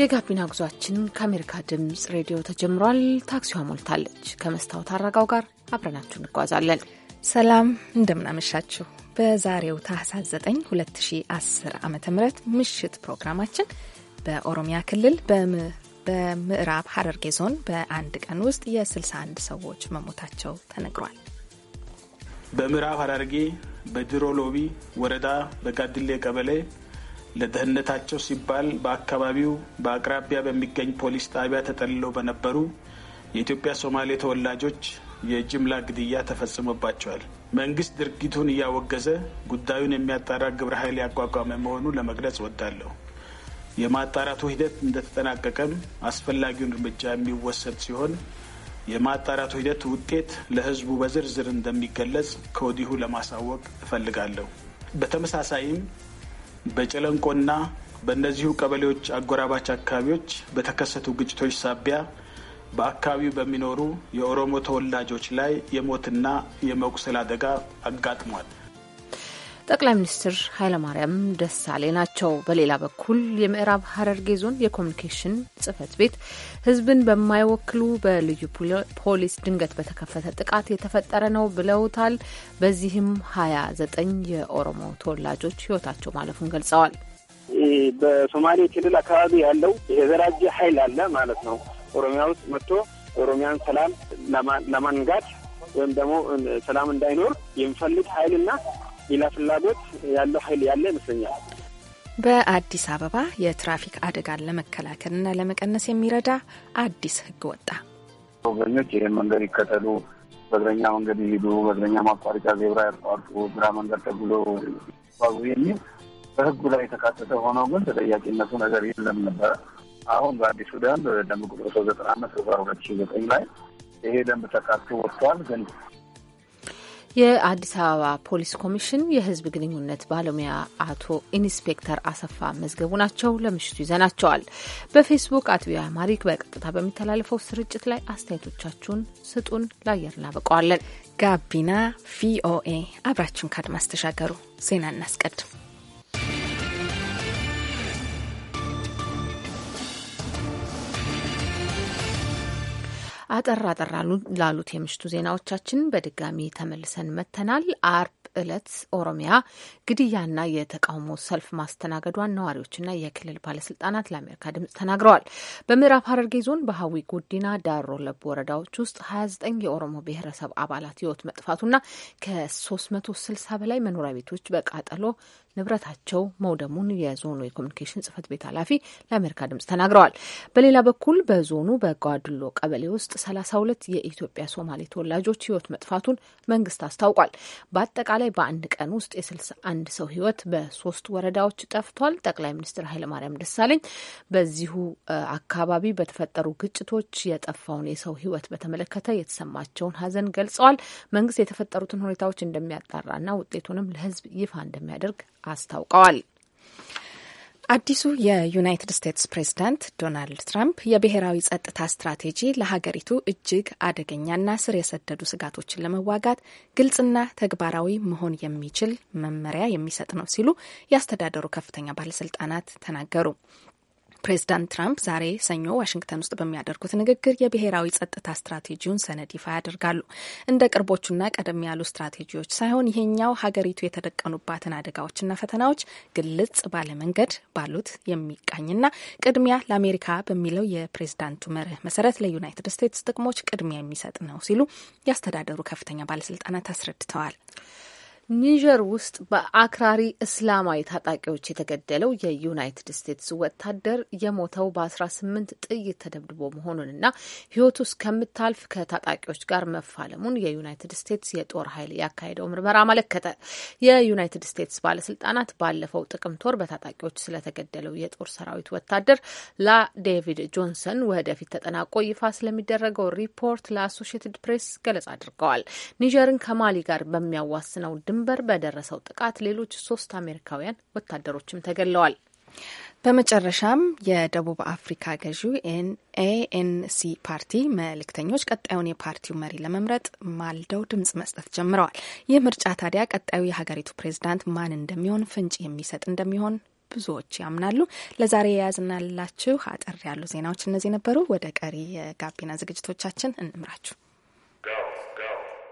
የጋቢና ጉዟችን ከአሜሪካ ድምጽ ሬዲዮ ተጀምሯል። ታክሲዋ ሞልታለች። ከመስታወት አረጋው ጋር አብረናችሁ እንጓዛለን። ሰላም እንደምናመሻችሁ። በዛሬው ታህሳስ 9 2010 ዓ ም ምሽት ፕሮግራማችን በኦሮሚያ ክልል በምዕራብ ሐረርጌ ዞን በአንድ ቀን ውስጥ የ61 ሰዎች መሞታቸው ተነግሯል። በምዕራብ ሐረርጌ በድሮ ሎቢ ወረዳ በጋድሌ ቀበሌ ለደህንነታቸው ሲባል በአካባቢው በአቅራቢያ በሚገኝ ፖሊስ ጣቢያ ተጠልለው በነበሩ የኢትዮጵያ ሶማሌ ተወላጆች የጅምላ ግድያ ተፈጽሞባቸዋል። መንግስት ድርጊቱን እያወገዘ ጉዳዩን የሚያጣራ ግብረ ኃይል ያቋቋመ መሆኑን ለመግለጽ እወዳለሁ። የማጣራቱ ሂደት እንደተጠናቀቀም አስፈላጊውን እርምጃ የሚወሰድ ሲሆን የማጣራቱ ሂደት ውጤት ለሕዝቡ በዝርዝር እንደሚገለጽ ከወዲሁ ለማሳወቅ እፈልጋለሁ። በተመሳሳይም በጨለንቆና በእነዚሁ ቀበሌዎች አጎራባች አካባቢዎች በተከሰቱ ግጭቶች ሳቢያ በአካባቢው በሚኖሩ የኦሮሞ ተወላጆች ላይ የሞትና የመቁሰል አደጋ አጋጥሟል። ጠቅላይ ሚኒስትር ኃይለማርያም ደሳሌ ናቸው። በሌላ በኩል የምዕራብ ሀረርጌ ዞን የኮሚኒኬሽን ጽህፈት ቤት ህዝብን በማይወክሉ በልዩ ፖሊስ ድንገት በተከፈተ ጥቃት የተፈጠረ ነው ብለውታል። በዚህም ሀያ ዘጠኝ የኦሮሞ ተወላጆች ህይወታቸው ማለፉን ገልጸዋል። በሶማሌ ክልል አካባቢ ያለው የተደራጀ ኃይል አለ ማለት ነው። ኦሮሚያ ውስጥ መጥቶ ኦሮሚያን ሰላም ለማንጋት ወይም ደግሞ ሰላም እንዳይኖር የሚፈልግ ኃይልና ሌላ ፍላጎት ያለው ኃይል ያለ ይመስለኛል። በአዲስ አበባ የትራፊክ አደጋን ለመከላከልና ለመቀነስ የሚረዳ አዲስ ህግ ወጣ። ጎብኚዎች ይህን መንገድ ይከተሉ፣ በእግረኛ መንገድ ይሄዱ፣ በእግረኛ ማቋረጫ ዜብራ ያቋርጡ፣ ግራ መንገድ ተጉሎ ይጓዙ የሚል በህጉ ላይ የተካተተ ሆነው ግን ተጠያቂነቱ ነገር የለም ነበረ። አሁን በአዲሱ ደንብ ደንብ ቁጥር ሰው ዘጠና አምስት ሁለት ሺ ዘጠኝ ላይ ይሄ ደንብ ተካቶ ወጥቷል ግን የአዲስ አበባ ፖሊስ ኮሚሽን የሕዝብ ግንኙነት ባለሙያ አቶ ኢንስፔክተር አሰፋ መዝገቡ ናቸው። ለምሽቱ ይዘናቸዋል። በፌስቡክ አት ቪኦኤ አማሪክ በቀጥታ በሚተላለፈው ስርጭት ላይ አስተያየቶቻችሁን ስጡን፣ ለአየር እናበቀዋለን። ጋቢና ቪኦኤ አብራችን ካድማስ ተሻገሩ። ዜና እናስቀድም። አጠር አጠር ላሉት የምሽቱ ዜናዎቻችን በድጋሚ ተመልሰን መጥተናል። አርብ ዕለት ኦሮሚያ ግድያና የተቃውሞ ሰልፍ ማስተናገዷን ነዋሪዎችና የክልል ባለስልጣናት ለአሜሪካ ድምጽ ተናግረዋል። በምዕራብ ሐረርጌ ዞን በሀዊ ጉዲና፣ ዳሮ ለቡ ወረዳዎች ውስጥ 29 የኦሮሞ ብሔረሰብ አባላት ህይወት መጥፋቱና ከ360 በላይ መኖሪያ ቤቶች በቃጠሎ ንብረታቸው መውደሙን የዞኑ የኮሚኒኬሽን ጽህፈት ቤት ኃላፊ ለአሜሪካ ድምጽ ተናግረዋል። በሌላ በኩል በዞኑ በጓድሎ ቀበሌ ውስጥ ሰላሳ ሁለት የኢትዮጵያ ሶማሌ ተወላጆች ህይወት መጥፋቱን መንግስት አስታውቋል። በአጠቃላይ በአንድ ቀን ውስጥ የስልሳ አንድ ሰው ህይወት በሶስት ወረዳዎች ጠፍቷል። ጠቅላይ ሚኒስትር ኃይለማርያም ደሳለኝ በዚሁ አካባቢ በተፈጠሩ ግጭቶች የጠፋውን የሰው ህይወት በተመለከተ የተሰማቸውን ሀዘን ገልጸዋል። መንግስት የተፈጠሩትን ሁኔታዎች እንደሚያጣራና ውጤቱንም ለህዝብ ይፋ እንደሚያደርግ አስታውቀዋል። አዲሱ የዩናይትድ ስቴትስ ፕሬዝዳንት ዶናልድ ትራምፕ የብሔራዊ ጸጥታ ስትራቴጂ ለሀገሪቱ እጅግ አደገኛና ስር የሰደዱ ስጋቶችን ለመዋጋት ግልጽና ተግባራዊ መሆን የሚችል መመሪያ የሚሰጥ ነው ሲሉ የአስተዳደሩ ከፍተኛ ባለስልጣናት ተናገሩ። ፕሬዚዳንት ትራምፕ ዛሬ ሰኞ ዋሽንግተን ውስጥ በሚያደርጉት ንግግር የብሔራዊ ጸጥታ ስትራቴጂውን ሰነድ ይፋ ያደርጋሉ። እንደ ቅርቦቹና ቀደም ያሉ ስትራቴጂዎች ሳይሆን ይሄኛው ሀገሪቱ የተደቀኑባትን አደጋዎችና ፈተናዎች ግልጽ ባለመንገድ ባሉት የሚቃኝና ቅድሚያ ለአሜሪካ በሚለው የፕሬዚዳንቱ መርህ መሰረት ለዩናይትድ ስቴትስ ጥቅሞች ቅድሚያ የሚሰጥ ነው ሲሉ የአስተዳደሩ ከፍተኛ ባለስልጣናት አስረድተዋል። ኒጀር ውስጥ በአክራሪ እስላማዊ ታጣቂዎች የተገደለው የዩናይትድ ስቴትስ ወታደር የሞተው በ18 ጥይት ተደብድቦ መሆኑንና ሕይወቱ እስከምታልፍ ከታጣቂዎች ጋር መፋለሙን የዩናይትድ ስቴትስ የጦር ኃይል ያካሄደው ምርመራ አመለከተ። የዩናይትድ ስቴትስ ባለስልጣናት ባለፈው ጥቅምት ወር በታጣቂዎች ስለተገደለው የጦር ሰራዊት ወታደር ላ ዴቪድ ጆንሰን ወደፊት ተጠናቆ ይፋ ስለሚደረገው ሪፖርት ለአሶሽየትድ ፕሬስ ገለጻ አድርገዋል። ኒጀርን ከማሊ ጋር በሚያዋስነው ድንበር በደረሰው ጥቃት ሌሎች ሶስት አሜሪካውያን ወታደሮችም ተገለዋል። በመጨረሻም የደቡብ አፍሪካ ገዢው ኤኤንሲ ፓርቲ መልእክተኞች ቀጣዩን የፓርቲው መሪ ለመምረጥ ማልደው ድምጽ መስጠት ጀምረዋል። ይህ ምርጫ ታዲያ ቀጣዩ የሀገሪቱ ፕሬዝዳንት ማን እንደሚሆን ፍንጭ የሚሰጥ እንደሚሆን ብዙዎች ያምናሉ። ለዛሬ የያዝናላችሁ አጠር ያሉ ዜናዎች እነዚህ ነበሩ። ወደ ቀሪ የጋቢና ዝግጅቶቻችን እንምራችሁ።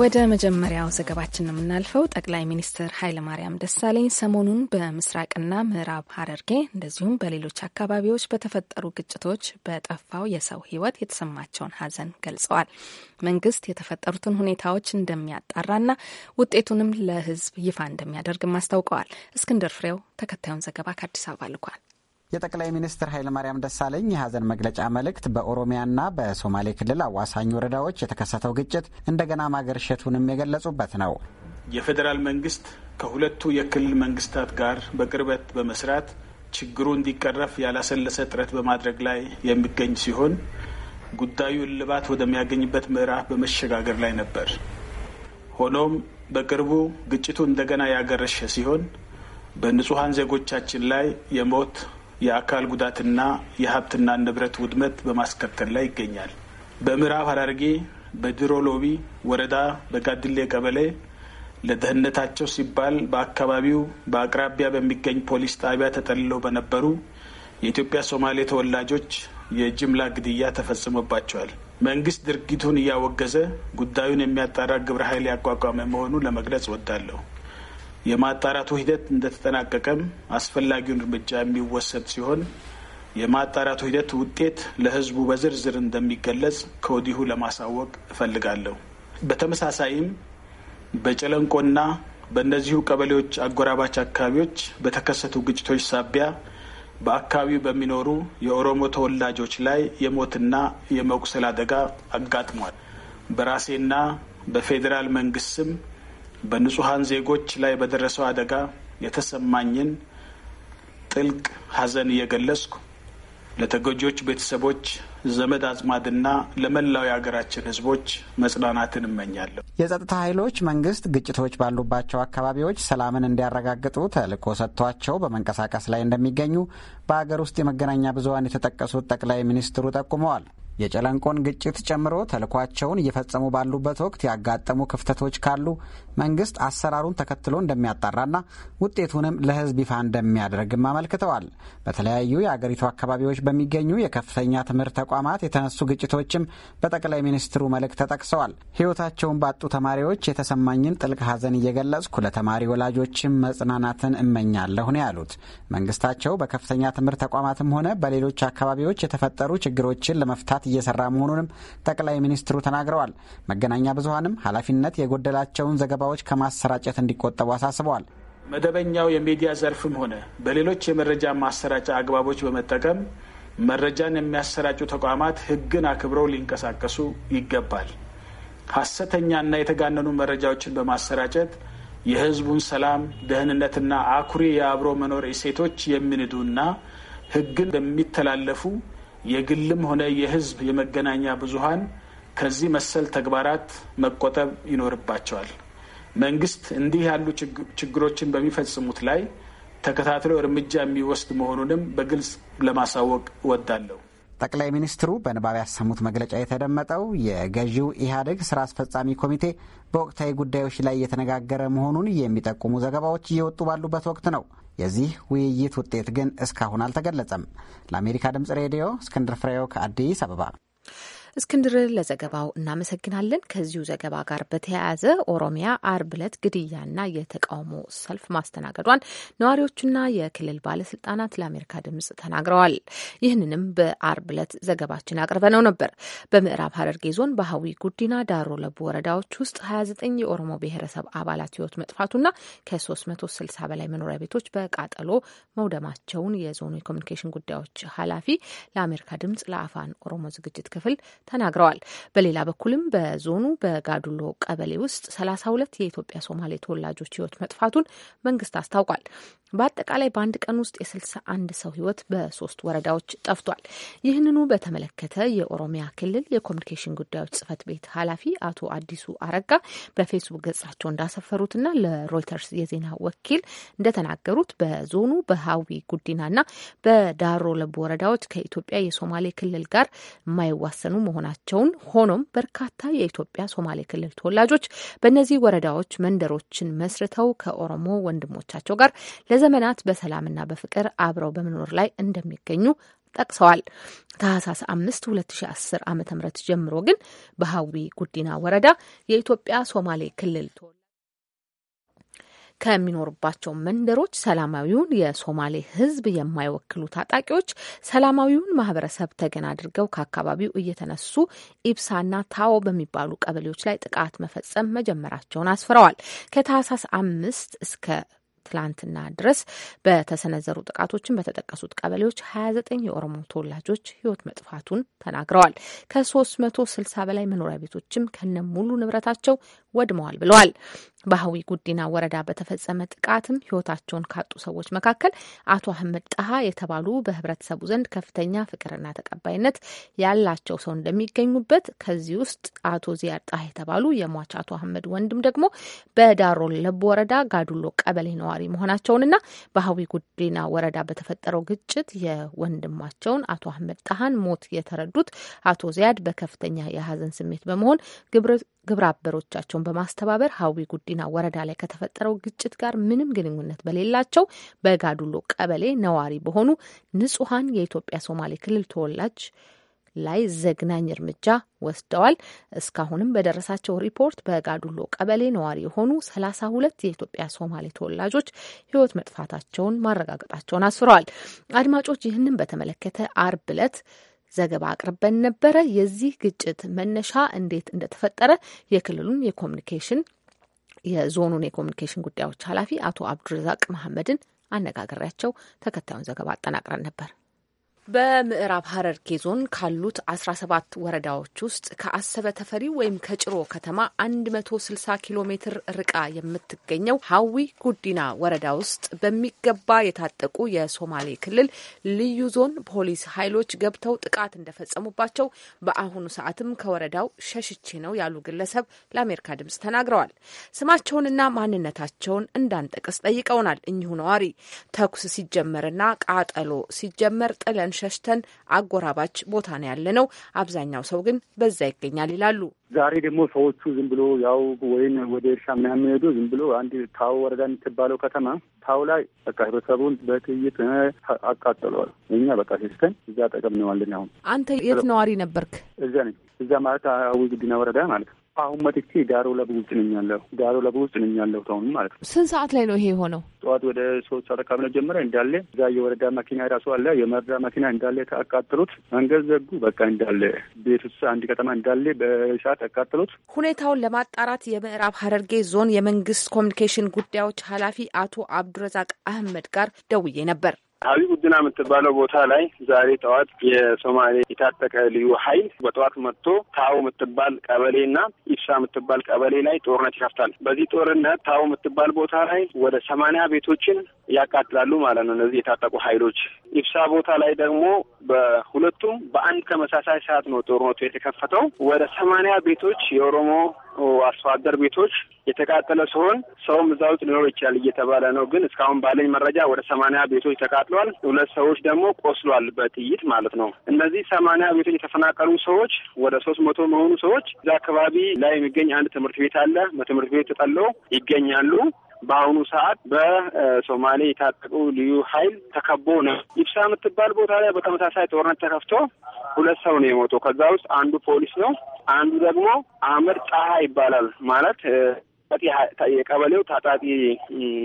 ወደ መጀመሪያው ዘገባችን የምናልፈው። ጠቅላይ ሚኒስትር ኃይለማርያም ደሳለኝ ሰሞኑን በምስራቅና ምዕራብ ሐረርጌ እንደዚሁም በሌሎች አካባቢዎች በተፈጠሩ ግጭቶች በጠፋው የሰው ሕይወት የተሰማቸውን ሐዘን ገልጸዋል። መንግስት የተፈጠሩትን ሁኔታዎች እንደሚያጣራና ውጤቱንም ለሕዝብ ይፋ እንደሚያደርግም አስታውቀዋል። እስክንድር ፍሬው ተከታዩን ዘገባ ከአዲስ አበባ ልኳል። የጠቅላይ ሚኒስትር ኃይለማርያም ደሳለኝ የሀዘን መግለጫ መልእክት በኦሮሚያና በሶማሌ ክልል አዋሳኝ ወረዳዎች የተከሰተው ግጭት እንደገና ማገርሸቱንም የገለጹበት ነው። የፌዴራል መንግስት ከሁለቱ የክልል መንግስታት ጋር በቅርበት በመስራት ችግሩ እንዲቀረፍ ያላሰለሰ ጥረት በማድረግ ላይ የሚገኝ ሲሆን ጉዳዩ እልባት ወደሚያገኝበት ምዕራፍ በመሸጋገር ላይ ነበር። ሆኖም በቅርቡ ግጭቱ እንደገና ያገረሸ ሲሆን በንጹሐን ዜጎቻችን ላይ የሞት የአካል ጉዳትና የሀብትና ንብረት ውድመት በማስከተል ላይ ይገኛል። በምዕራብ ሐረርጌ በድሮ ሎቢ ወረዳ በጋድሌ ቀበሌ ለደህንነታቸው ሲባል በአካባቢው በአቅራቢያ በሚገኝ ፖሊስ ጣቢያ ተጠልለው በነበሩ የኢትዮጵያ ሶማሌ ተወላጆች የጅምላ ግድያ ተፈጽሞባቸዋል። መንግስት ድርጊቱን እያወገዘ ጉዳዩን የሚያጣራ ግብረ ኃይል ያቋቋመ መሆኑን ለመግለጽ እወዳለሁ። የማጣራቱ ሂደት እንደተጠናቀቀም አስፈላጊውን እርምጃ የሚወሰድ ሲሆን የማጣራቱ ሂደት ውጤት ለሕዝቡ በዝርዝር እንደሚገለጽ ከወዲሁ ለማሳወቅ እፈልጋለሁ። በተመሳሳይም በጨለንቆና በእነዚሁ ቀበሌዎች አጎራባች አካባቢዎች በተከሰቱ ግጭቶች ሳቢያ በአካባቢው በሚኖሩ የኦሮሞ ተወላጆች ላይ የሞትና የመቁሰል አደጋ አጋጥሟል። በራሴና በፌዴራል መንግስት ስም በንጹሐን ዜጎች ላይ በደረሰው አደጋ የተሰማኝን ጥልቅ ሐዘን እየገለጽኩ ለተጎጂዎች ቤተሰቦች፣ ዘመድ አጽማድና ለመላው የሀገራችን ሕዝቦች መጽናናትን እመኛለሁ። የጸጥታ ኃይሎች መንግስት ግጭቶች ባሉባቸው አካባቢዎች ሰላምን እንዲያረጋግጡ ተልዕኮ ሰጥቷቸው በመንቀሳቀስ ላይ እንደሚገኙ በአገር ውስጥ የመገናኛ ብዙኃን የተጠቀሱት ጠቅላይ ሚኒስትሩ ጠቁመዋል። የጨለንቆን ግጭት ጨምሮ ተልኳቸውን እየፈጸሙ ባሉበት ወቅት ያጋጠሙ ክፍተቶች ካሉ መንግስት አሰራሩን ተከትሎ እንደሚያጣራና ውጤቱንም ለሕዝብ ይፋ እንደሚያደርግም አመልክተዋል። በተለያዩ የአገሪቱ አካባቢዎች በሚገኙ የከፍተኛ ትምህርት ተቋማት የተነሱ ግጭቶችም በጠቅላይ ሚኒስትሩ መልእክት ተጠቅሰዋል። ሕይወታቸውን ባጡ ተማሪዎች የተሰማኝን ጥልቅ ሐዘን እየገለጽኩ ለተማሪ ወላጆችም መጽናናትን እመኛለሁ ነው ያሉት። መንግስታቸው በከፍተኛ ትምህርት ተቋማትም ሆነ በሌሎች አካባቢዎች የተፈጠሩ ችግሮችን ለመፍታት እየሰራ መሆኑንም ጠቅላይ ሚኒስትሩ ተናግረዋል። መገናኛ ብዙሀንም ኃላፊነት የጎደላቸውን ዘገባዎች ከማሰራጨት እንዲቆጠቡ አሳስበዋል። መደበኛው የሚዲያ ዘርፍም ሆነ በሌሎች የመረጃ ማሰራጫ አግባቦች በመጠቀም መረጃን የሚያሰራጩ ተቋማት ሕግን አክብረው ሊንቀሳቀሱ ይገባል። ሐሰተኛና የተጋነኑ መረጃዎችን በማሰራጨት የሕዝቡን ሰላም፣ ደህንነትና አኩሪ የአብሮ መኖር እሴቶች የሚንዱና ሕግን የሚተላለፉ። የግልም ሆነ የህዝብ የመገናኛ ብዙሀን ከዚህ መሰል ተግባራት መቆጠብ ይኖርባቸዋል። መንግስት እንዲህ ያሉ ችግሮችን በሚፈጽሙት ላይ ተከታትሎ እርምጃ የሚወስድ መሆኑንም በግልጽ ለማሳወቅ እወዳለሁ። ጠቅላይ ሚኒስትሩ በንባብ ያሰሙት መግለጫ የተደመጠው የገዢው ኢህአዴግ ስራ አስፈጻሚ ኮሚቴ በወቅታዊ ጉዳዮች ላይ እየተነጋገረ መሆኑን የሚጠቁሙ ዘገባዎች እየወጡ ባሉበት ወቅት ነው። የዚህ ውይይት ውጤት ግን እስካሁን አልተገለጸም። ለአሜሪካ ድምጽ ሬዲዮ እስክንድር ፍሬው ከአዲስ አበባ እስክንድር ለዘገባው እናመሰግናለን። ከዚሁ ዘገባ ጋር በተያያዘ ኦሮሚያ አርብ ዕለት ግድያና የተቃውሞ ሰልፍ ማስተናገዷን ነዋሪዎቹና የክልል ባለስልጣናት ለአሜሪካ ድምጽ ተናግረዋል። ይህንንም በአርብ ዕለት ዘገባችን አቅርበነው ነበር። በምዕራብ ሀረርጌ ዞን በሀዊ ጉዲና፣ ዳሮ ለቡ ወረዳዎች ውስጥ 29 የኦሮሞ ብሔረሰብ አባላት ህይወት መጥፋቱና ከ360 በላይ መኖሪያ ቤቶች በቃጠሎ መውደማቸውን የዞኑ የኮሚኒኬሽን ጉዳዮች ኃላፊ ለአሜሪካ ድምጽ ለአፋን ኦሮሞ ዝግጅት ክፍል ተናግረዋል። በሌላ በኩልም በዞኑ በጋዱሎ ቀበሌ ውስጥ ሰላሳ ሁለት የኢትዮጵያ ሶማሌ ተወላጆች ህይወት መጥፋቱን መንግስት አስታውቋል። በአጠቃላይ በአንድ ቀን ውስጥ የስልሳ አንድ ሰው ህይወት በሶስት ወረዳዎች ጠፍቷል። ይህንኑ በተመለከተ የኦሮሚያ ክልል የኮሚኒኬሽን ጉዳዮች ጽህፈት ቤት ኃላፊ አቶ አዲሱ አረጋ በፌስቡክ ገጻቸው እንዳሰፈሩትና ለሮይተርስ የዜና ወኪል እንደተናገሩት በዞኑ በሀዊ ጉዲናና በዳሮ ለቡ ወረዳዎች ከኢትዮጵያ የሶማሌ ክልል ጋር የማይዋሰኑ መሆናቸውን ሆኖም በርካታ የኢትዮጵያ ሶማሌ ክልል ተወላጆች በእነዚህ ወረዳዎች መንደሮችን መስርተው ከኦሮሞ ወንድሞቻቸው ጋር ለ ለዘመናት በሰላምና በፍቅር አብረው በመኖር ላይ እንደሚገኙ ጠቅሰዋል። ታህሳስ አምስት ሁለት ሺ አስር ዓመተ ምህረት ጀምሮ ግን በሀዊ ጉዲና ወረዳ የኢትዮጵያ ሶማሌ ክልል ከሚኖሩባቸው መንደሮች ሰላማዊውን የሶማሌ ሕዝብ የማይወክሉ ታጣቂዎች ሰላማዊውን ማህበረሰብ ተገን አድርገው ከአካባቢው እየተነሱ ኢብሳና ታዎ በሚባሉ ቀበሌዎች ላይ ጥቃት መፈጸም መጀመራቸውን አስፍረዋል። ከታህሳስ አምስት እስከ ትላንትና ድረስ በተሰነዘሩ ጥቃቶችን በተጠቀሱት ቀበሌዎች 29 የኦሮሞ ተወላጆች ህይወት መጥፋቱን ተናግረዋል። ከ360 በላይ መኖሪያ ቤቶችም ከነ ሙሉ ንብረታቸው ወድመዋል ብለዋል። በአህዊ ጉዲና ወረዳ በተፈጸመ ጥቃትም ህይወታቸውን ካጡ ሰዎች መካከል አቶ አህመድ ጣሃ የተባሉ በህብረተሰቡ ዘንድ ከፍተኛ ፍቅርና ተቀባይነት ያላቸው ሰው እንደሚገኙበት ከዚህ ውስጥ አቶ ዚያድ ጣሃ የተባሉ የሟች አቶ አህመድ ወንድም ደግሞ በዳሮ ለቦ ወረዳ ጋዱሎ ቀበሌ ነዋሪ መሆናቸውንና በአህዊ ጉዲና ወረዳ በተፈጠረው ግጭት የወንድማቸውን አቶ አህመድ ጣሃን ሞት የተረዱት አቶ ዚያድ በከፍተኛ የሀዘን ስሜት በመሆን ግብረ አበሮቻቸውን በማስተባበር ሀዊ ጉዲና ወረዳ ላይ ከተፈጠረው ግጭት ጋር ምንም ግንኙነት በሌላቸው በጋዱሎ ቀበሌ ነዋሪ በሆኑ ንጹሐን የኢትዮጵያ ሶማሌ ክልል ተወላጅ ላይ ዘግናኝ እርምጃ ወስደዋል። እስካሁንም በደረሳቸው ሪፖርት በጋዱሎ ቀበሌ ነዋሪ የሆኑ ሰላሳ ሁለት የኢትዮጵያ ሶማሌ ተወላጆች ሕይወት መጥፋታቸውን ማረጋገጣቸውን አስፍረዋል። አድማጮች ይህንን በተመለከተ አርብ ዕለት ዘገባ አቅርበን ነበረ። የዚህ ግጭት መነሻ እንዴት እንደተፈጠረ የክልሉን የኮሚኒኬሽን የዞኑን የኮሚኒኬሽን ጉዳዮች ኃላፊ አቶ አብዱረዛቅ መሐመድን አነጋግሬያቸው ተከታዩን ዘገባ አጠናቅረን ነበር። በምዕራብ ሐረርጌ ዞን ካሉት 17 ወረዳዎች ውስጥ ከአሰበ ተፈሪ ወይም ከጭሮ ከተማ 160 ኪሎ ሜትር ርቃ የምትገኘው ሀዊ ጉዲና ወረዳ ውስጥ በሚገባ የታጠቁ የሶማሌ ክልል ልዩ ዞን ፖሊስ ኃይሎች ገብተው ጥቃት እንደፈጸሙባቸው በአሁኑ ሰዓትም ከወረዳው ሸሽቼ ነው ያሉ ግለሰብ ለአሜሪካ ድምጽ ተናግረዋል። ስማቸውንና ማንነታቸውን እንዳንጠቅስ ጠይቀውናል። እኚሁ ነዋሪ ተኩስ ሲጀመርና ቃጠሎ ሲጀመር ጥለን ሸሽተን አጎራባች ቦታ ነው ያለ ነው። አብዛኛው ሰው ግን በዛ ይገኛል ይላሉ። ዛሬ ደግሞ ሰዎቹ ዝም ብሎ ያው ወይን ወደ እርሻ ምናምን የሚሄዱ ዝም ብሎ አንድ ታው ወረዳ የምትባለው ከተማ ታው ላይ በቃ ህብረተሰቡን በጥይት አቃጠለዋል። እኛ በቃ ሸሽተን እዛ ጠቀም ነዋለን። አሁን አንተ የት ነዋሪ ነበርክ? እዛ ነኝ። እዛ ማለት አዊ ግድና ወረዳ ማለት ነው። አሁን መጥቼ ዳሮ ለቡ ውጭ ነኝ ያለሁ ዳሮ ለቡ ውጭ ነኝ ያለሁ አሁን ማለት ነው። ስንት ሰዓት ላይ ነው ይሄ የሆነው? ጠዋት ወደ ሶስት ሰዓት አካባቢ ነው ጀምረ እንዳለ እዛ የወረዳ መኪና የራሱ አለ የመረዳ መኪና እንዳለ አቃጥሉት፣ መንገድ ዘጉ። በቃ እንዳለ ቤት ውስጥ አንድ ከተማ እንዳለ በእሳት አቃጥሉት። ሁኔታውን ለማጣራት የምዕራብ ሀረርጌ ዞን የመንግስት ኮሚኒኬሽን ጉዳዮች ኃላፊ አቶ አብዱረዛቅ አህመድ ጋር ደውዬ ነበር። ሀቢብ ቡድና የምትባለው ቦታ ላይ ዛሬ ጠዋት የሶማሌ የታጠቀ ልዩ ኃይል በጠዋት መጥቶ ታው የምትባል ቀበሌና ኢፍሳ የምትባል ቀበሌ ላይ ጦርነት ይከፍታል። በዚህ ጦርነት ታው የምትባል ቦታ ላይ ወደ ሰማንያ ቤቶችን ያቃጥላሉ ማለት ነው እነዚህ የታጠቁ ኃይሎች። ኢብሳ ቦታ ላይ ደግሞ በሁለቱም በአንድ ተመሳሳይ ሰዓት ነው ጦርነቱ የተከፈተው። ወደ ሰማንያ ቤቶች የኦሮሞ አርሶ አደር ቤቶች የተቃጠለ ሲሆን ሰውም እዛ ውስጥ ሊኖር ይችላል እየተባለ ነው። ግን እስካሁን ባለኝ መረጃ ወደ ሰማንያ ቤቶች ተቃጥሏል። ሁለት ሰዎች ደግሞ ቆስሏል በጥይት ማለት ነው። እነዚህ ሰማንያ ቤቶች የተፈናቀሉ ሰዎች ወደ ሶስት መቶ መሆኑ ሰዎች እዛ አካባቢ ላይ የሚገኝ አንድ ትምህርት ቤት አለ። በትምህርት ቤት ተጠለው ይገኛሉ። በአሁኑ ሰዓት በሶማሌ የታጠቁ ልዩ ኃይል ተከቦ ነው። ኢብሳ የምትባል ቦታ ላይ በተመሳሳይ ጦርነት ተከፍቶ ሁለት ሰው ነው የሞተው። ከዛ ውስጥ አንዱ ፖሊስ ነው፣ አንዱ ደግሞ አህመድ ጣሃ ይባላል ማለት የቀበሌው ታጣቂ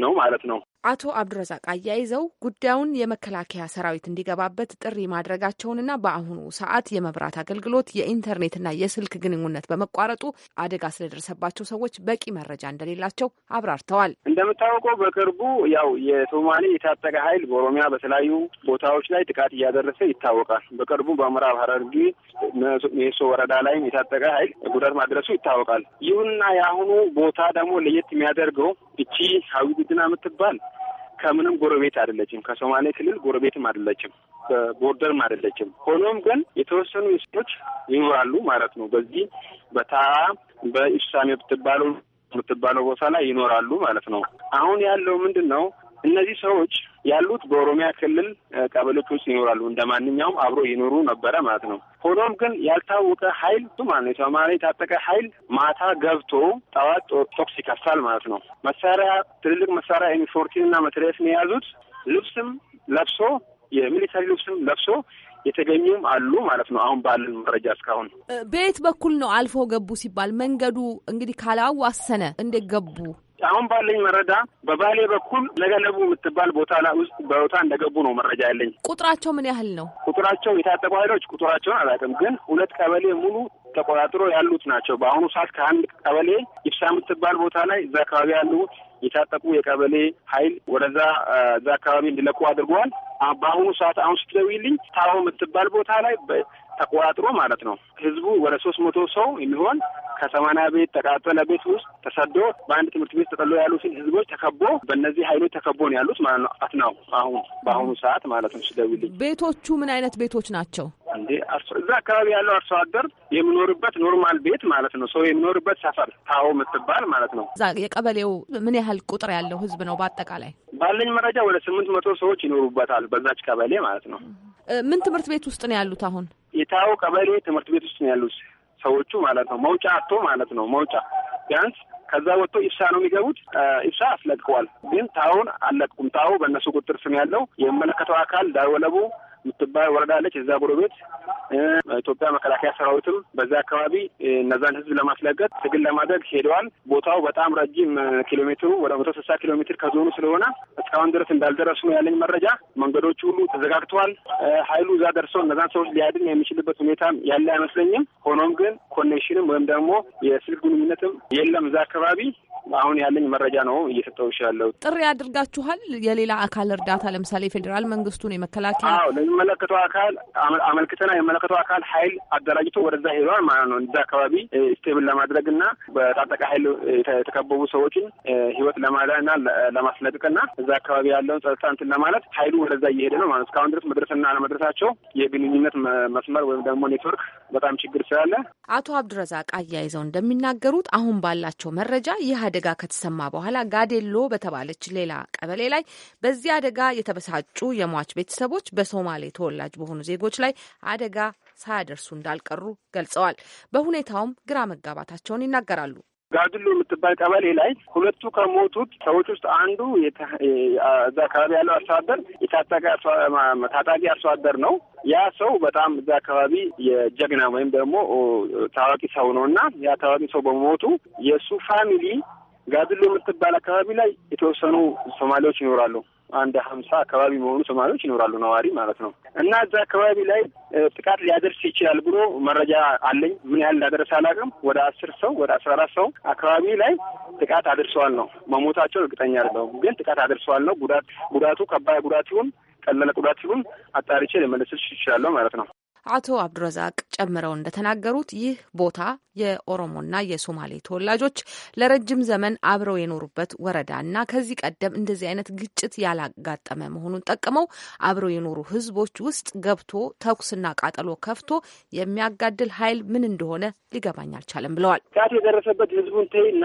ነው ማለት ነው። አቶ አብዱረዛቅ አያይዘው ጉዳዩን የመከላከያ ሰራዊት እንዲገባበት ጥሪ ማድረጋቸውንና በአሁኑ ሰዓት የመብራት አገልግሎት የኢንተርኔትና የስልክ ግንኙነት በመቋረጡ አደጋ ስለደረሰባቸው ሰዎች በቂ መረጃ እንደሌላቸው አብራርተዋል። እንደምታወቀው በቅርቡ ያው የሶማሌ የታጠቀ ኃይል በኦሮሚያ በተለያዩ ቦታዎች ላይ ጥቃት እያደረሰ ይታወቃል። በቅርቡ በምዕራብ ሐረርጌ ሜሶ ወረዳ ላይ የታጠቀ ኃይል ጉዳት ማድረሱ ይታወቃል። ይሁንና የአሁኑ ቦታ ደግሞ ለየት የሚያደርገው እቺ ሀዊ ጉድና የምትባል ከምንም ጎረቤት አይደለችም። ከሶማሌ ክልል ጎረቤትም አይደለችም። ቦርደርም አይደለችም። ሆኖም ግን የተወሰኑ የሴቶች ይኖራሉ ማለት ነው። በዚህ በታ በኢሳሜ ብትባለው የምትባለው ቦታ ላይ ይኖራሉ ማለት ነው። አሁን ያለው ምንድን ነው? እነዚህ ሰዎች ያሉት በኦሮሚያ ክልል ቀበሌዎች ውስጥ ይኖራሉ። እንደ ማንኛውም አብሮ ይኖሩ ነበረ ማለት ነው። ሆኖም ግን ያልታወቀ ኃይል ማለት ነው የተማሪ የታጠቀ ኃይል ማታ ገብቶ ጠዋት ተኩስ ይከፍታል ማለት ነው። መሳሪያ ትልልቅ መሳሪያ ኤምፎርቲን እና መትረየስን የያዙት ልብስም ለብሶ የሚሊተሪ ልብስም ለብሶ የተገኙም አሉ ማለት ነው። አሁን ባለን መረጃ እስካሁን በየት በኩል ነው አልፎ ገቡ ሲባል መንገዱ እንግዲህ ካላዋሰነ እንዴት ገቡ አሁን ባለኝ መረዳ በባሌ በኩል ለገለቡ የምትባል ቦታ ላይ ውስጥ በቦታ እንደገቡ ነው መረጃ ያለኝ። ቁጥራቸው ምን ያህል ነው? ቁጥራቸው የታጠቁ ኃይሎች ቁጥራቸውን አላውቅም፣ ግን ሁለት ቀበሌ ሙሉ ተቆጣጥሮ ያሉት ናቸው። በአሁኑ ሰዓት ከአንድ ቀበሌ ይብሳ የምትባል ቦታ ላይ እዛ አካባቢ ያሉ የታጠቁ የቀበሌ ኃይል ወደዛ እዛ አካባቢ እንዲለቁ አድርገዋል። በአሁኑ ሰዓት አሁን ስትደውይልኝ ታሮ የምትባል ቦታ ላይ ተቋጥሮ ማለት ነው ህዝቡ ወደ ሶስት መቶ ሰው የሚሆን ከሰማንያ ቤት ተቃጠለ ቤት ውስጥ ተሰዶ በአንድ ትምህርት ቤት ተጠሎ ያሉትን ህዝቦች ተከቦ በእነዚህ ሀይሎች ተከቦ ነው ያሉት ማለት ነው። አትናው አሁን በአሁኑ ሰዓት ማለት ነው ስደውልኝ ቤቶቹ ምን አይነት ቤቶች ናቸው? እንዴ እዛ አካባቢ ያለው አርሶ አደር የሚኖርበት ኖርማል ቤት ማለት ነው። ሰው የሚኖርበት ሰፈር ታሆ የምትባል ማለት ነው። እዛ የቀበሌው ምን ያህል ቁጥር ያለው ህዝብ ነው? በአጠቃላይ ባለኝ መረጃ ወደ ስምንት መቶ ሰዎች ይኖሩበታል በዛች ቀበሌ ማለት ነው። ምን ትምህርት ቤት ውስጥ ነው ያሉት አሁን? የታው ቀበሌ ትምህርት ቤት ውስጥ ነው ያሉት ሰዎቹ ማለት ነው። መውጫ አቶ ማለት ነው መውጫ ቢያንስ ከዛ ወጥቶ ኢብሳ ነው የሚገቡት። ኢብሳ አስለቅቀዋል፣ ግን ታውን አለቅቁም። ታው በእነሱ ቁጥር ስም ያለው የሚመለከተው አካል ዳይወለቡ የምትባል ወረዳ አለች። እዛ ጎረቤት ኢትዮጵያ መከላከያ ሰራዊትም በዛ አካባቢ እነዛን ህዝብ ለማስለቀት ትግል ለማድረግ ሄደዋል። ቦታው በጣም ረጅም ኪሎ ሜትሩ ወደ መቶ ስልሳ ኪሎ ሜትር ከዞኑ ስለሆነ እስካሁን ድረስ እንዳልደረሱ ነው ያለኝ መረጃ። መንገዶቹ ሁሉ ተዘጋግተዋል። ኃይሉ እዛ ደርሶ እነዛን ሰዎች ሊያድን የሚችልበት ሁኔታም ያለ አይመስለኝም። ሆኖም ግን ኮኔክሽንም ወይም ደግሞ የስልክ ግንኙነትም የለም እዛ አካባቢ አሁን ያለኝ መረጃ ነው እየሰጠው ያለው። ጥሪ አድርጋችኋል? የሌላ አካል እርዳታ ለምሳሌ ፌዴራል መንግስቱን የመከላከያ ለሚመለከተው አካል አመልክተና የሚመለከተው አካል ኃይል አደራጅቶ ወደዛ ሄዷል ማለት ነው። እዛ አካባቢ ስቴብል ለማድረግ እና በታጠቀ ሀይል የተከበቡ ሰዎችን ህይወት ለማዳንና ለማስለቀቅና እዛ አካባቢ ያለውን ጸጥታ እንትን ለማለት ኃይሉ ወደዛ እየሄደ ነው ማለት እስካሁን ድረስ መድረስና አለመድረሳቸው የግንኙነት መስመር ወይም ደግሞ ኔትወርክ በጣም ችግር ስላለ አቶ አብዱረዛቅ አያይዘው እንደሚናገሩት አሁን ባላቸው መረጃ ይህ አደጋ ከተሰማ በኋላ ጋዴሎ በተባለች ሌላ ቀበሌ ላይ በዚህ አደጋ የተበሳጩ የሟች ቤተሰቦች በሶማሌ የሶማሌ ተወላጅ በሆኑ ዜጎች ላይ አደጋ ሳያደርሱ እንዳልቀሩ ገልጸዋል። በሁኔታውም ግራ መጋባታቸውን ይናገራሉ። ጋድሎ የምትባል ቀበሌ ላይ ሁለቱ ከሞቱት ሰዎች ውስጥ አንዱ እዛ አካባቢ ያለው አርሶ አደር የታጠቀ ታጣቂ አርሶ አደር ነው። ያ ሰው በጣም እዛ አካባቢ የጀግና ወይም ደግሞ ታዋቂ ሰው ነው እና ያ ታዋቂ ሰው በሞቱ የእሱ ፋሚሊ ጋድሎ የምትባል አካባቢ ላይ የተወሰኑ ሶማሌዎች ይኖራሉ። አንድ ሀምሳ አካባቢ የሆኑ ተማሪዎች ይኖራሉ ነዋሪ ማለት ነው። እና እዛ አካባቢ ላይ ጥቃት ሊያደርስ ይችላል ብሎ መረጃ አለኝ። ምን ያህል እንዳደረሰ አላውቅም። ወደ አስር ሰው ወደ አስራ አራት ሰው አካባቢ ላይ ጥቃት አድርሰዋል ነው። መሞታቸው እርግጠኛ አይደለሁም፣ ግን ጥቃት አድርሰዋል ነው። ጉዳት ጉዳቱ ከባድ ጉዳት ይሁን ቀለለ ጉዳት ይሁን አጣሪቼ ልመለስልሽ ይችላለሁ ማለት ነው። አቶ አብዱረዛቅ ጨምረው እንደተናገሩት ይህ ቦታ የኦሮሞና የሶማሌ ተወላጆች ለረጅም ዘመን አብረው የኖሩበት ወረዳ እና ከዚህ ቀደም እንደዚህ አይነት ግጭት ያላጋጠመ መሆኑን ጠቅመው አብረው የኖሩ ህዝቦች ውስጥ ገብቶ ተኩስና ቃጠሎ ከፍቶ የሚያጋድል ኃይል ምን እንደሆነ ሊገባኝ አልቻለም ብለዋል። ጫት የደረሰበት ህዝቡን ተይና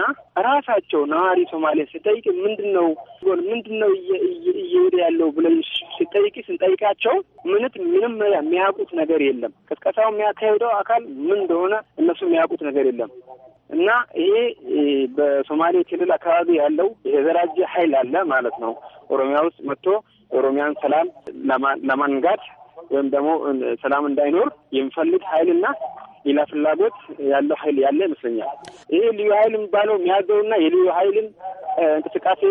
ራሳቸው ነዋሪ ሶማሌ ስጠይቅ ምንድን ነው ምንድን ነው እየሄደ ያለው ብለን ስጠይቅ ስንጠይቃቸው ምንት ምንም የሚያውቁት ነገር የለም። ቅስቀሳው የሚያካሄደው አካል ምን እንደሆነ እነሱ የሚያውቁት ነገር የለም እና ይሄ በሶማሌ ክልል አካባቢ ያለው የተደራጀ ኃይል አለ ማለት ነው። ኦሮሚያ ውስጥ መጥቶ የኦሮሚያን ሰላም ለማንጋድ ወይም ደግሞ ሰላም እንዳይኖር የሚፈልግ ኃይልና ሌላ ፍላጎት ያለው ኃይል ያለ ይመስለኛል። ይሄ ልዩ ኃይል የሚባለው የሚያዘውና የልዩ ኃይልን እንቅስቃሴ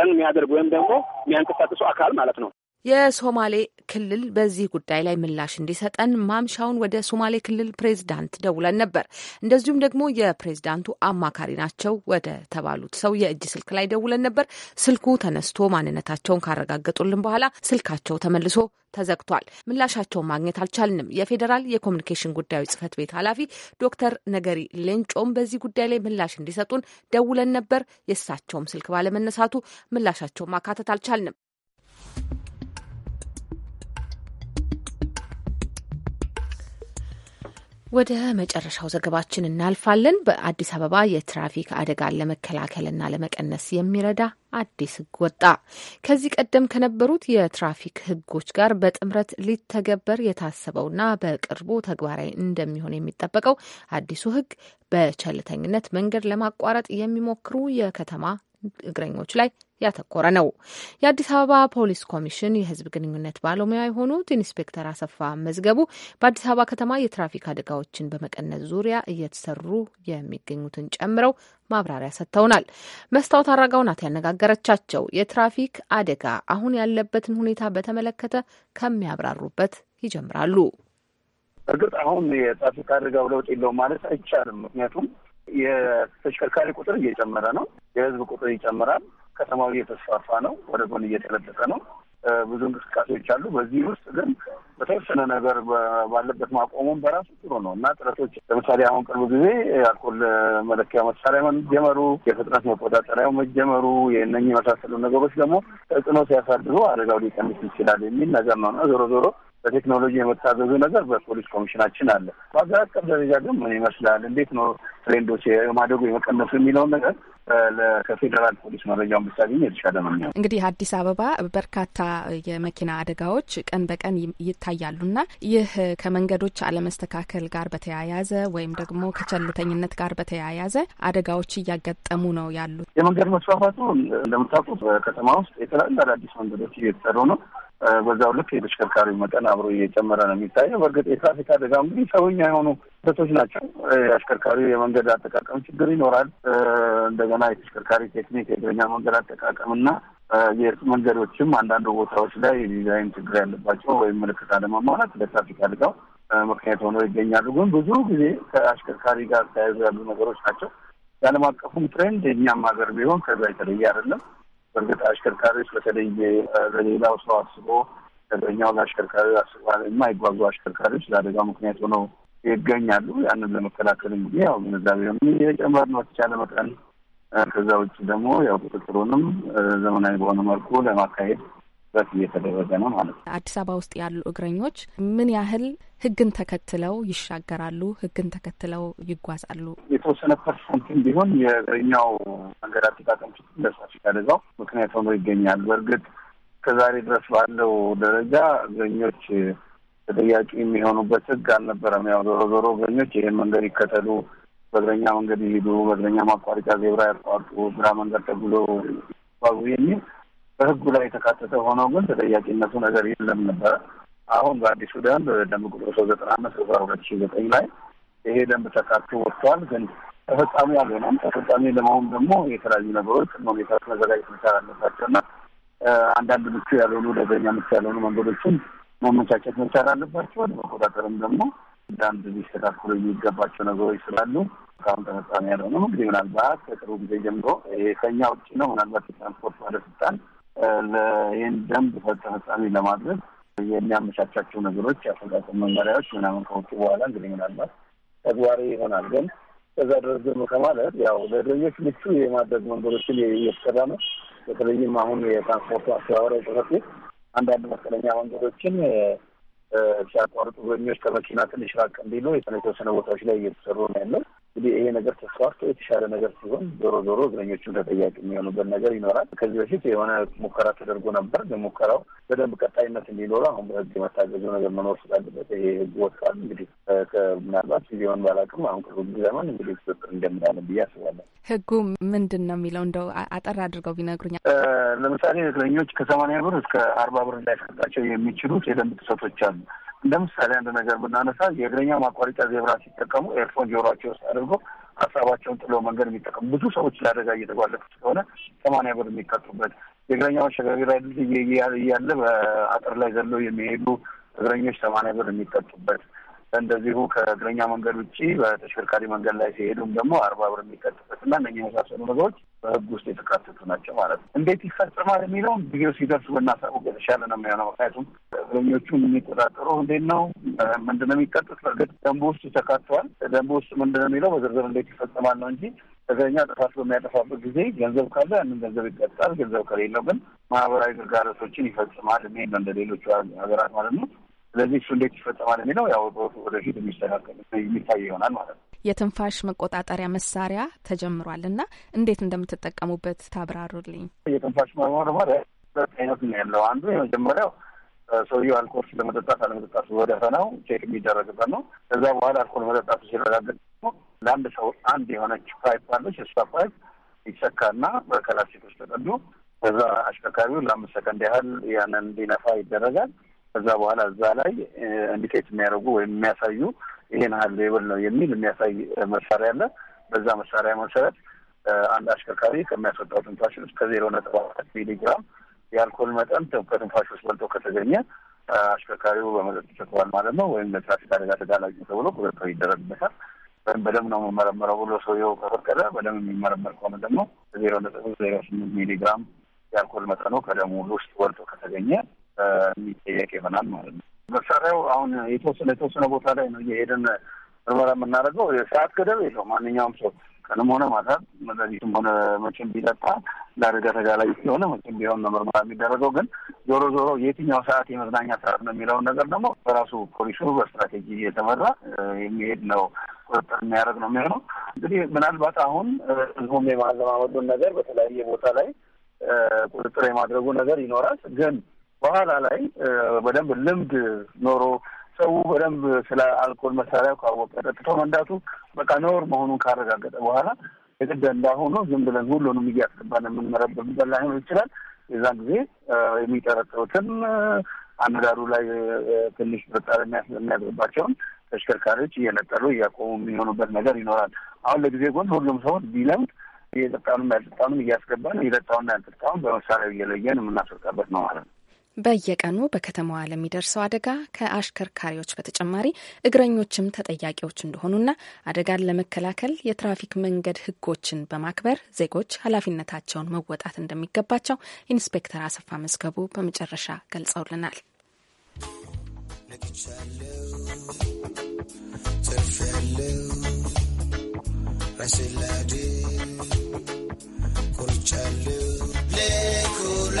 ረን የሚያደርግ ወይም ደግሞ የሚያንቀሳቅሱ አካል ማለት ነው። የሶማሌ ክልል በዚህ ጉዳይ ላይ ምላሽ እንዲሰጠን ማምሻውን ወደ ሶማሌ ክልል ፕሬዝዳንት ደውለን ነበር። እንደዚሁም ደግሞ የፕሬዝዳንቱ አማካሪ ናቸው ወደ ተባሉት ሰው የእጅ ስልክ ላይ ደውለን ነበር። ስልኩ ተነስቶ ማንነታቸውን ካረጋገጡልን በኋላ ስልካቸው ተመልሶ ተዘግቷል። ምላሻቸውን ማግኘት አልቻልንም። የፌዴራል የኮሚኒኬሽን ጉዳዮች ጽህፈት ቤት ኃላፊ ዶክተር ነገሪ ሌንጮም በዚህ ጉዳይ ላይ ምላሽ እንዲሰጡን ደውለን ነበር። የእሳቸውም ስልክ ባለመነሳቱ ምላሻቸውን ማካተት አልቻልንም። ወደ መጨረሻው ዘገባችን እናልፋለን። በአዲስ አበባ የትራፊክ አደጋን ለመከላከልና ለመቀነስ የሚረዳ አዲስ ሕግ ወጣ። ከዚህ ቀደም ከነበሩት የትራፊክ ሕጎች ጋር በጥምረት ሊተገበር የታሰበውና በቅርቡ ተግባራዊ እንደሚሆን የሚጠበቀው አዲሱ ሕግ በቸልተኝነት መንገድ ለማቋረጥ የሚሞክሩ የከተማ እግረኞች ላይ ያተኮረ ነው። የአዲስ አበባ ፖሊስ ኮሚሽን የህዝብ ግንኙነት ባለሙያ የሆኑት ኢንስፔክተር አሰፋ መዝገቡ በአዲስ አበባ ከተማ የትራፊክ አደጋዎችን በመቀነስ ዙሪያ እየተሰሩ የሚገኙትን ጨምረው ማብራሪያ ሰጥተውናል። መስታወት አራጋው ናት ያነጋገረቻቸው። የትራፊክ አደጋ አሁን ያለበትን ሁኔታ በተመለከተ ከሚያብራሩበት ይጀምራሉ። እርግጥ አሁን የትራፊክ አደጋው ለውጥ የለውም ማለት አይቻልም። ምክንያቱም የተሽከርካሪ ቁጥር እየጨመረ ነው፣ የህዝብ ቁጥር ይጨምራል። ከተማው እየተስፋፋ ነው፣ ወደ ጎን እየተለጠጠ ነው። ብዙ እንቅስቃሴዎች አሉ። በዚህ ውስጥ ግን በተወሰነ ነገር ባለበት ማቆሙን በራሱ ጥሩ ነው እና ጥረቶች ለምሳሌ አሁን ቅርብ ጊዜ የአልኮል መለኪያ መሳሪያ መጀመሩ፣ የፍጥነት መቆጣጠሪያው መጀመሩ፣ የእነኚህ የመሳሰሉ ነገሮች ደግሞ ተጽዕኖ ሲያሳድሩ አደጋው ሊቀንስ ይችላል የሚል ነገር ነው እና ዞሮ ዞሮ በቴክኖሎጂ የመታዘዙ ነገር በፖሊስ ኮሚሽናችን አለ። በሀገር አቀፍ ደረጃ ግን ምን ይመስላል፣ እንዴት ነው ትሬንዶች የማደጉ የመቀነሱ የሚለውን ነገር ከፌዴራል ፖሊስ መረጃውን ብታገኝ የተሻለ ነው። እንግዲህ አዲስ አበባ በርካታ የመኪና አደጋዎች ቀን በቀን ይታያሉና ይህ ከመንገዶች አለመስተካከል ጋር በተያያዘ ወይም ደግሞ ከቸልተኝነት ጋር በተያያዘ አደጋዎች እያጋጠሙ ነው ያሉት የመንገድ መስፋፋቱ እንደምታውቁት በከተማ ውስጥ የተለያዩ አዳዲስ መንገዶች እየተሰሩ ነው። በዛው ልክ የተሽከርካሪው መጠን አብሮ እየጨመረ ነው የሚታየው። በእርግጥ የትራፊክ አደጋ እንግዲህ ሰውኛ የሆኑ ስህተቶች ናቸው። የአሽከርካሪው የመንገድ አጠቃቀም ችግር ይኖራል። እንደገና የተሽከርካሪ ቴክኒክ፣ የእግረኛ መንገድ አጠቃቀም እና መንገዶችም አንዳንዱ ቦታዎች ላይ የዲዛይን ችግር ያለባቸው ወይም ምልክት አለመሟላት ለትራፊክ አደጋው ምክንያት ሆነው ይገኛሉ። ግን ብዙ ጊዜ ከአሽከርካሪ ጋር ተያይዞ ያሉ ነገሮች ናቸው። የዓለም አቀፉም ትሬንድ የእኛም ሀገር ቢሆን ከዛ የተለየ አይደለም። በእርግጥ አሽከርካሪዎች በተለይ ለሌላው ሰው አስቦ ለእግረኛውን አሽከርካሪ አስቦ የማይጓዙ አሽከርካሪዎች ለአደጋ ምክንያት ሆነው ይገኛሉ። ያንን ለመከላከል እንግዲህ ያው ግንዛቤ የጨመር ነው የተቻለ መጠን። ከዛ ውጭ ደግሞ ያው ቁጥጥሩንም ዘመናዊ በሆነ መልኩ ለማካሄድ ጥረት እየተደረገ ነው ማለት ነው። አዲስ አበባ ውስጥ ያሉ እግረኞች ምን ያህል ህግን ተከትለው ይሻገራሉ፣ ህግን ተከትለው ይጓዛሉ። የተወሰነ ፐርሰንትን ቢሆን የኛው ሀገር አጠቃቀም ችግር ለሳፊ አደጋው ምክንያት ሆኖ ይገኛል። በእርግጥ ከዛሬ ድረስ ባለው ደረጃ እግረኞች ተጠያቂ የሚሆኑበት ህግ አልነበረም። ያው ዞሮ ዞሮ እግረኞች ይህን መንገድ ይከተሉ፣ በእግረኛ መንገድ ይሄዱ፣ በእግረኛ ማቋረጫ ዜብራ ያቋርጡ፣ ግራ መንገድ ተብሎ ይጓዙ የሚል በህጉ ላይ የተካተተ ሆነው ግን ተጠያቂነቱ ነገር የለም ነበረ። አሁን በአዲሱ ደንብ ደንብ ቁጥር ሰው ዘጠና አምስት ቁጥር ሁለት ሺ ዘጠኝ ላይ ይሄ ደንብ ተካቶ ወጥቷል። ግን ተፈጻሚ ያልሆነም ተፈጻሚ ለመሆን ደግሞ የተለያዩ ነገሮች ሁኔታ መዘጋጀት መቻል አለባቸው እና አንዳንድ ምቹ ያልሆኑ ደገኛ ምቹ ያልሆኑ መንገዶችን መመቻቸት መቻል አለባቸው። ለመቆጣጠርም ደግሞ አንዳንድ ሊስተካከሉ የሚገባቸው ነገሮች ስላሉ እስካሁን ተፈጻሚ ያልሆነው እንግዲህ ምናልባት ከቅርቡ ጊዜ ጀምሮ ይሄ ከኛ ውጭ ነው ምናልባት የትራንስፖርት ባለስልጣን ይህን ደንብ ተፈጻሚ ለማድረግ የሚያመቻቻቸው ነገሮች ያፈጻጸም መመሪያዎች ምናምን ከወጡ በኋላ እንግዲህ ምናልባት ተግባሪ ይሆናል። ግን እዛ ድረስ ግን ከማለት ያው ለእግረኞች ምቹ የማድረግ መንገዶችን እየተሰራ ነው። በተለይም አሁን የትራንስፖርቱ አስተባባሪ ጽሕፈት ቤት አንዳንድ መስቀለኛ መንገዶችን ሲያቋርጡ እግረኞች ከመኪና ትንሽ ራቅ እንዲሉ የተወሰነ ቦታዎች ላይ እየተሰሩ ነው ያለው። እንግዲህ ይሄ ነገር ተስፋፍቶ የተሻለ ነገር ሲሆን ዞሮ ዞሮ እግረኞቹም ተጠያቂ የሚሆኑበት ነገር ይኖራል። ከዚህ በፊት የሆነ ሙከራ ተደርጎ ነበር። ሙከራው በደንብ ቀጣይነት እንዲኖረው አሁን በህግ የመታገዙ ነገር መኖር ስላለበት ይሄ ህግ ወጥቷል። እንግዲህ ምናልባት ጊዜውን ባላቅም አሁን ከህግ ዘመን እንግዲህ ትብብር እንደምናለን ብዬ አስባለሁ። ህጉ ምንድን ነው የሚለው እንደው አጠር አድርገው ቢነግሩኛል። ለምሳሌ እግረኞች ከሰማንያ ብር እስከ አርባ ብር እንዳይፈጣቸው የሚችሉት የደንብ ጥሰቶች አሉ። ለምሳሌ አንድ ነገር ብናነሳ የእግረኛ ማቋረጫ ዜብራ ሲጠቀሙ ኤርፎን ጆሯቸው ውስጥ አድርጎ ሀሳባቸውን ጥሎ መንገድ የሚጠቀሙ ብዙ ሰዎች ለአደጋ እየተጓለፉ ስለሆነ ሰማንያ ብር የሚቀጡበት የእግረኛ መሸጋገሪያ ድልድይ እያለ በአጥር ላይ ዘሎ የሚሄዱ እግረኞች ሰማንያ ብር የሚቀጡበት እንደዚሁ ከእግረኛ መንገድ ውጭ በተሽከርካሪ መንገድ ላይ ሲሄዱም ደግሞ አርባ ብር የሚቀጥበት እና እነኛ የመሳሰሉ ነገሮች በህግ ውስጥ የተካተቱ ናቸው ማለት ነው። እንዴት ይፈጽማል የሚለውን ጊዜው ሲደርሱ ብናሳውቅ የተሻለ ነው የሚሆነው። ምክንያቱም እግረኞቹን የሚቆጣጠሩ እንዴት ነው ነው የሚቀጡት? በእርግጥ ደንቡ ውስጥ ተካቷል። ደንቡ ውስጥ ነው የሚለው በዝርዝር እንዴት ይፈጽማል ነው እንጂ እግረኛ ጥፋት በሚያጠፋበት ጊዜ ገንዘብ ካለ ያንን ገንዘብ ይቀጣል። ገንዘብ ከሌለው ግን ማህበራዊ ግልጋሎቶችን ይፈጽማል። ይሄ እንደ ሌሎቹ ሀገራት ማለት ነው። ስለዚህ እሱ እንዴት ይፈጸማል የሚለው ያው ወደፊት የሚስተካከል የሚታይ ይሆናል ማለት ነው። የትንፋሽ መቆጣጠሪያ መሳሪያ ተጀምሯል እና እንዴት እንደምትጠቀሙበት ታብራሩልኝ። የትንፋሽ መሞር መመርመሪያ ሁለት አይነት ነው ያለው። አንዱ የመጀመሪያው ሰውየው አልኮል ስለመጠጣት አለመጠጣት ወደፈናው ቼክ የሚደረግበት ነው። ከዛ በኋላ አልኮል መጠጣቱ ሲረጋገጥ ለአንድ ሰው አንድ የሆነች ፓይፕ አለች። እሷ ፓይፕ ይሰካና በከላሴቶች ተቀዱ። ከዛ አሽከርካሪው ለአምስት ሰከንድ ያህል ያንን እንዲነፋ ይደረጋል። ከዛ በኋላ እዛ ላይ እንዲኬት የሚያደርጉ ወይም የሚያሳዩ ይሄን ያህል ሌብል ነው የሚል የሚያሳይ መሳሪያ አለ። በዛ መሳሪያ መሰረት አንድ አሽከርካሪ ከሚያስወጣው ትንፋሽ ውስጥ ከዜሮ ነጥብ አራት ሚሊግራም የአልኮል መጠን ከትንፋሽ ውስጥ በልጦ ከተገኘ አሽከርካሪው በመጠጥ ተጠቅሟል ማለት ነው፣ ወይም ለትራፊክ አደጋ ተጋላጭ ተብሎ ቁጥጥር ይደረግበታል። ወይም በደም ነው የምመረመረው ብሎ ሰውየው ከፈቀደ በደም የሚመረመር ከሆነ ደግሞ ከዜሮ ነጥብ ዜሮ ስምንት ሚሊግራም የአልኮል መጠኑ ከደሙ ውስጥ ወልጦ ከተገኘ የሚጠየቅ ይሆናል ማለት ነው። መሳሪያው አሁን የተወሰነ የተወሰነ ቦታ ላይ ነው እየሄደን ምርመራ የምናደርገው። የሰዓት ገደብ የለው። ማንኛውም ሰው ቀንም ሆነ ማታት መድኃኒቱም ሆነ መቼም ቢጠጣ ለአደጋ ተጋላጭ ስለሆነ መቼም ቢሆን ነው ምርመራ የሚደረገው። ግን ዞሮ ዞሮ የትኛው ሰዓት የመዝናኛ ሰዓት ነው የሚለውን ነገር ደግሞ በራሱ ፖሊሱ በስትራቴጂ እየተመራ የሚሄድ ነው ቁጥጥር የሚያደርግ ነው የሚሆነው። እንግዲህ ምናልባት አሁን ህዝቡም የማለማመዱን ነገር በተለያየ ቦታ ላይ ቁጥጥር የማድረጉ ነገር ይኖራል ግን በኋላ ላይ በደንብ ልምድ ኖሮ ሰው በደንብ ስለ አልኮል መሳሪያ ካወቀ ጠጥቶ መንዳቱ በቃ ኖር መሆኑን ካረጋገጠ በኋላ የግድ እንዳሆኑ ዝም ብለን ሁሉንም እያስገባን የምንመረብበት ላይሆን ይችላል። የዛን ጊዜ የሚጠረጥሩትን አመዳሩ ላይ ትንሽ ጥርጣሬ የሚያድርባቸውን ተሽከርካሪዎች እየነጠሉ እያቆሙ የሚሆኑበት ነገር ይኖራል። አሁን ለጊዜ ጎን ሁሉም ሰው ቢለምድ የጠጣኑም ያልጠጣኑም እያስገባን እየጠጣውና ያልጠጣውን በመሳሪያው እየለየን የምናስወጣበት ነው ማለት ነው። በየቀኑ በከተማዋ ለሚደርሰው አደጋ ከአሽከርካሪዎች በተጨማሪ እግረኞችም ተጠያቂዎች እንደሆኑና አደጋን ለመከላከል የትራፊክ መንገድ ሕጎችን በማክበር ዜጎች ኃላፊነታቸውን መወጣት እንደሚገባቸው ኢንስፔክተር አሰፋ መዝገቡ በመጨረሻ ገልጸውልናል። ራሴላዴ ልኩላ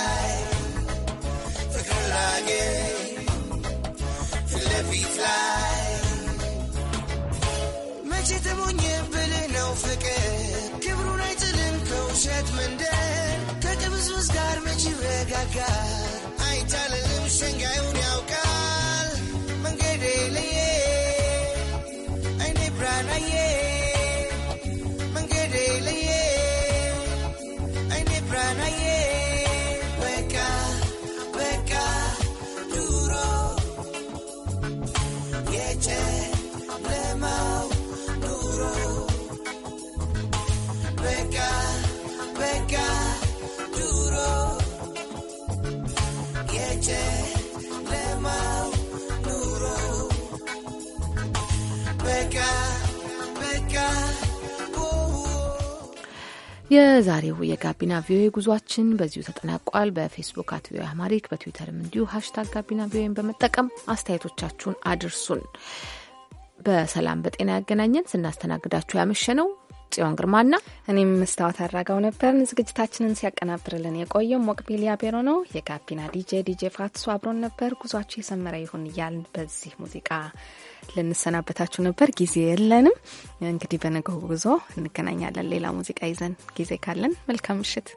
ውሸት ሞኝ ብል ነው ፍቅር ክብሩን አይጥልም ከውሸት መንደር ከቅብዝብዝ ጋር መች ይረጋጋል? አይታልልም ሸንጋዩን ያውቃል የዛሬው የጋቢና ቪኦኤ ጉዟችን በዚሁ ተጠናቋል። በፌስቡክ አት ቪኦኤ አማሪክ በትዊተርም እንዲሁ ሀሽታግ ጋቢና ቪኦኤን በመጠቀም አስተያየቶቻችሁን አድርሱን። በሰላም በጤና ያገናኘን። ስናስተናግዳችሁ ያመሸ ነው ጽዮን ግርማና እኔም መስታወት አድራጋው ነበርን። ዝግጅታችንን ሲያቀናብርልን የቆየው ሞቅቢል ያቤሮ ነው። የጋቢና ዲጄ ዲጄ ፋትሱ አብሮን ነበር። ጉዟችሁ የሰመረ ይሁን እያልን በዚህ ሙዚቃ ልንሰናበታችሁ ነበር። ጊዜ የለንም። እንግዲህ በነገው ጉዞ እንገናኛለን። ሌላ ሙዚቃ ይዘን ጊዜ ካለን መልካም ምሽት።